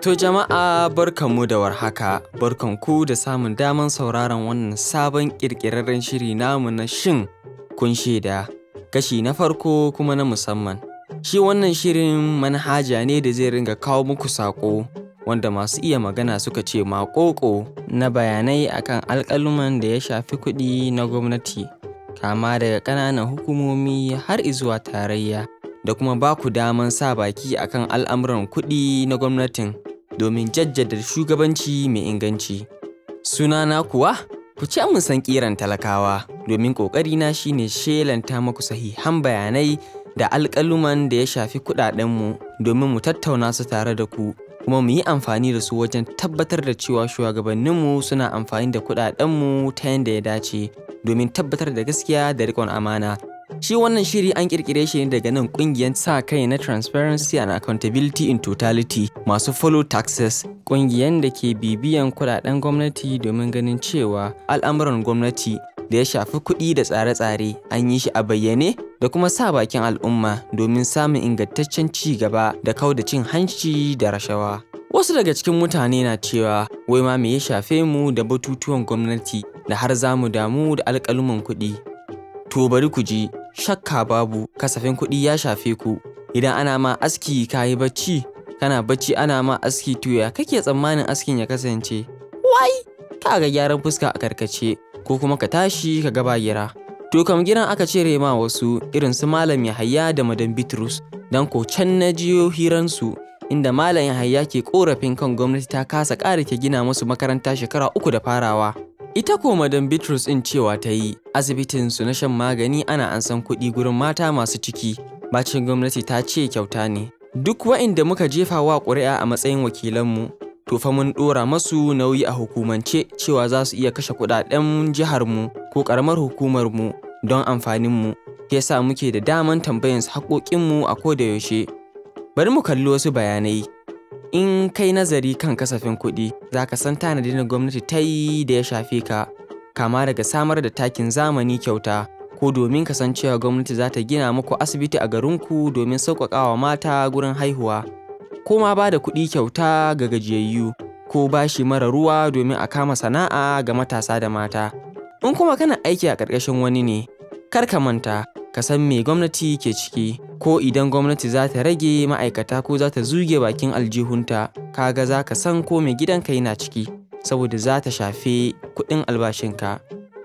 To jama'a barkanmu da warhaka, barkan ku da samun daman sauraron wannan sabon ƙirƙirarren shiri namu na shin kun shaida, kashi na farko kuma na musamman. Shi wannan shirin manhaja ne da zai ringa kawo muku saƙo wanda masu iya magana suka ce maƙoƙo na bayanai akan alƙaluman da ya shafi kuɗi na gwamnati, kama daga ƙananan hukumomi har izuwa tarayya. Da kuma ba ku daman sa baki akan al'amuran kuɗi na gwamnatin. domin jaddada shugabanci mai inganci. Sunana kuwa? Ku ce mun san ƙiran talakawa domin ƙoƙarina shine shine shelanta muku sahihan bayanai da alƙaluman da ya shafi kuɗaɗenmu domin mu tattauna su tare da ku kuma mu yi amfani da su wajen tabbatar da cewa shugabanninmu suna amfani da kuɗaɗenmu ta yadda ya dace domin tabbatar da gaskiya da riƙon amana. Shi wannan shiri an kirkire shi ne daga nan kungiyar sa kai na Transparency and Accountability in Totality masu follow taxes ƙungiyar da ke bibiyan kudaden gwamnati domin ganin cewa al'amuran gwamnati da ya shafi kuɗi da tsare-tsare an yi shi a bayyane da kuma sa bakin al'umma domin samun ingantaccen ci gaba da kauda cin hanci da rashawa. Wasu daga cikin mutane na cewa wai ma me ya shafe mu da batutuwan gwamnati da har za mu damu da alƙaluman kuɗi To bari ku ji, shakka babu kasafin kuɗi ya shafe ku, idan ana ma aski ka yi bacci, kana bacci ana ma aski to kake tsammanin askin ya kasance? Wai, ka ga gyaran fuska a karkace, ko kuma ka tashi ka gaba gira. To kam gidan aka cire ma wasu irin su Malam Yahaya da Madam Bitrus, don ko can na jiyo hiransu inda Malam Yahaya ke korafin kan gwamnati ta kasa ƙara ke gina musu makaranta shekara uku da farawa. Ita ko Madam Bitrus in cewa ta yi asibitin su na shan magani ana an san kuɗi gurin mata masu ciki, bacin gwamnati ta ce kyauta ne. Duk wa'inda muka jefa wa ƙuri'a a matsayin wakilanmu, to fa mun ɗora masu nauyi a hukumance cewa za su iya kashe kuɗaɗen jiharmu ko ƙaramar hukumarmu don amfaninmu, yasa muke da daman tambayan haƙoƙinmu a koda yaushe. Bari mu kalli wasu bayanai. in kai nazari kan kasafin kuɗi za ka san tanadin da gwamnati ta yi da ya shafe ka kama daga samar da takin zamani kyauta ko domin cewa gwamnati za ta gina muku asibiti a garinku domin sauƙaƙawa mata gurin haihuwa ko ma ba da kuɗi kyauta ga gajiyayyu ko bashi mara ruwa domin a kama sana'a ga matasa da mata in kuma kana aiki a ƙarƙashin wani ne kar ka manta ka san me gwamnati ke ciki ko idan gwamnati za ta rage ma'aikata ko za ta zuge bakin aljihunta kaga za ka san ko mai gidanka yana ciki saboda za ta shafe kuɗin albashinka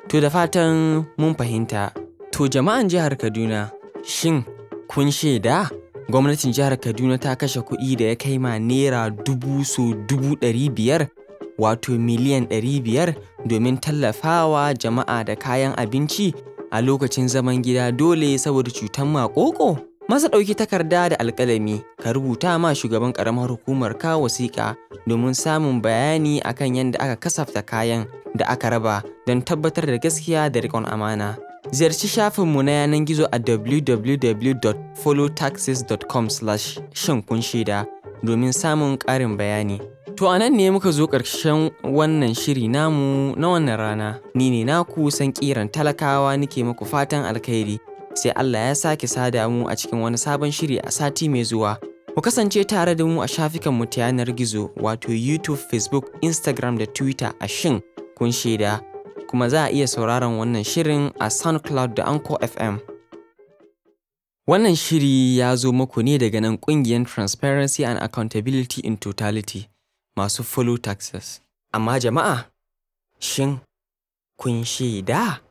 to da fatan mun fahimta to jama'an jihar kaduna shin kun shaida gwamnatin jihar kaduna ta kashe kuɗi da ya kai ma naira dubu so dubu ɗari biyar wato miliyan ɗari biyar domin tallafawa jama'a da kayan abinci a lokacin zaman gida dole saboda cutar maƙoƙo? Masa ɗauki takarda da alƙalami ka rubuta ma shugaban ƙaramar hukumar ka wasiƙa domin samun bayani akan yadda aka kasafta kayan da aka raba don tabbatar da gaskiya da riƙon amana. Ziyarci shafinmu na yanar gizo a wwwfollowtaxescom shinkunshida domin samun ƙarin bayani. To anan ne muka zo ƙarshen wannan shiri namu na wannan rana, ni ne naku san ƙiran talakawa nike muku fatan alkhairi, sai Allah ya sake sada mu a cikin wani sabon shiri a sati mai zuwa. Ku kasance tare da mu a mu ta yanar gizo wato YouTube, Facebook, Instagram da Twitter a shin kun shaida, kuma za a iya sauraron wannan shirin a SoundCloud da Anchor FM. Wannan shiri ya zo muku ne daga nan ƙungiyar Transparency and Accountability in Totality. masu fulu taxes. Amma jama'a, shin kun shaida?